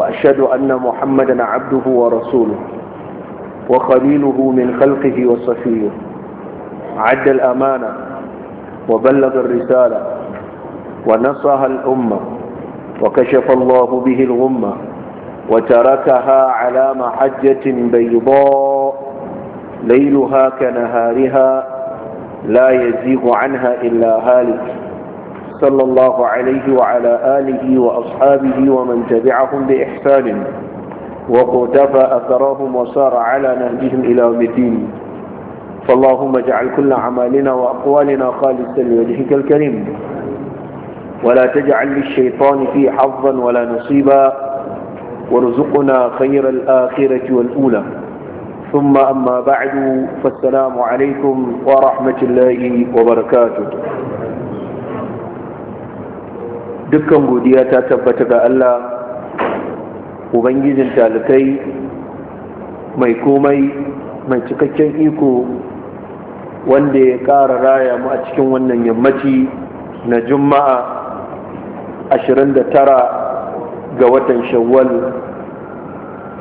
وأشهد أن محمدا عبده ورسوله وخليله من خلقه وصفيه عد الأمانة وبلغ الرسالة ونصها الأمة وكشف الله به الغمة وتركها على محجة بيضاء ليلها كنهارها لا يزيغ عنها إلا هالك صلى الله عليه وعلى آله وأصحابه ومن تبعهم بإحسان وقتفى أثرهم وسار على نهجهم إلى مدين فاللهم اجعل كل عمالنا وأقوالنا خالصا لوجهك الكريم ولا تجعل للشيطان في حظا ولا نصيبا وارزقنا خير الآخرة والأولى ثم أما بعد فالسلام عليكم ورحمة الله وبركاته dukkan godiya ta tabbata ga Allah ubangijin talikai mai komai mai cikakken iko wanda ya ƙara raya mu a cikin wannan yammaci na juma'a 29 ga watan shawwal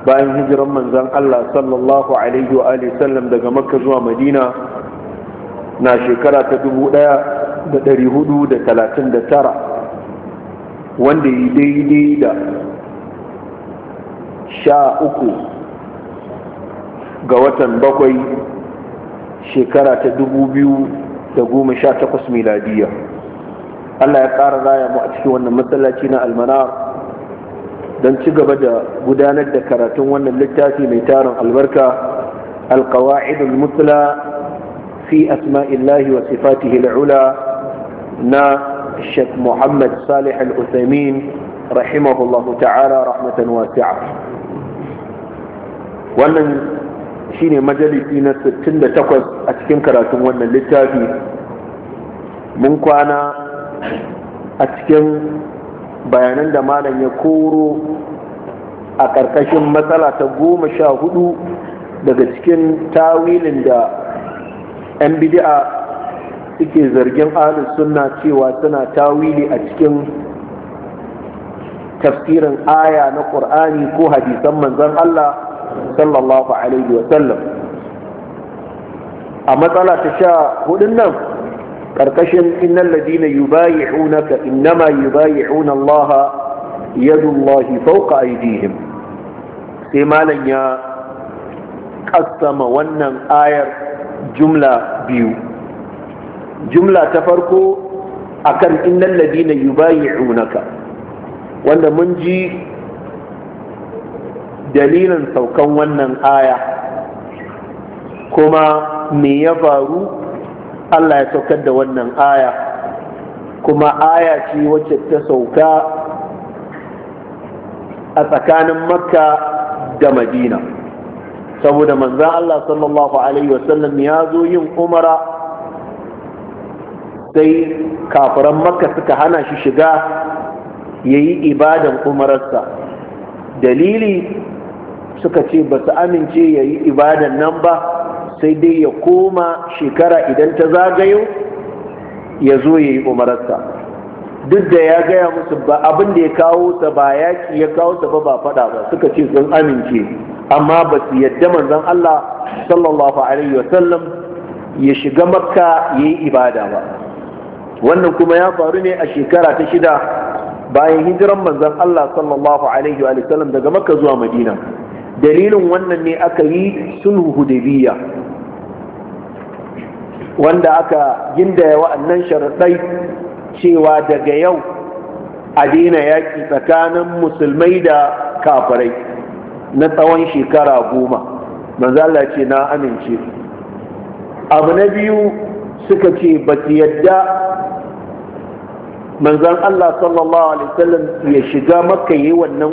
bayan hijiran manzan Allah sallallahu alaihi wa sallam daga makka zuwa madina na shekara ta 1439 wanda yi daidai da sha uku ga watan bakwai shekara ta dubu biyu da goma sha takwas miladiya allah ya ƙara raya mu a cikin wannan matsalaci na almanar don ci gaba da gudanar da karatun wannan littafi mai tarin albarka القواعد المثلى في أسماء الله وصفاته العلى na الشيخ محمد صالح الأثيمين رحمه الله تعالى رحمة واسعة wannan shine majalisi na sittin da 68 a cikin karatun wannan littafi mun kwana a cikin bayanan da malam ya koro a ƙarƙashin matsala ta goma sha hudu daga cikin tawilin da 'yan bidi'a suke zargin ahlus sunna cewa suna tawili a cikin tafsirin aya na ƙur'ani ko hadisan manzon Allah sallallahu alaihi wa sallam a matsala ta sha hudun nan ƙarƙashin innan ladina yubayi'unaka innama yubayi'una Allah yadullahi fawqa aydihim sai malam ya kassama wannan ayar jumla biyu jumla ta farko a akan innal ladina unaka wanda mun ji dalilin saukan wannan aya kuma me ya faru Allah ya saukar da wannan aya kuma aya ce wacce ta sauka a tsakanin makka da madina saboda manzan Allah sallallahu Alaihi wasallam ya zo yin umara sai kafiran makka suka hana shi shiga ya yi ibadan umararsa dalili suka ce ba su amince ya yi ibadan nan ba sai dai ya koma shekara idan ta zagayo ya zo ya yi umararsa duk da ya gaya musu ba abin da ya kawo ta ba yaki ya kawo sa ba ba faɗa ba suka ce sun amince amma ba su yadda manzon Allah sallallahu alaihi wasallam ya shiga makka ya yi ibada ba wannan kuma ya faru ne a shekara ta shida bayan hijiran manzon Allah sallallahu alaihi wa sallam daga Makka zuwa Madina dalilin wannan ne aka yi sulhu biyya. wanda aka gindaya wa'annan sharaɗai cewa daga yau a daina yaƙi tsakanin musulmai da kafirai na tsawon shekara goma manzala ce na amince abu na biyu suka ce ba su yadda manzan Allah sallallahu alaihi wasallam ya shiga makka yi wannan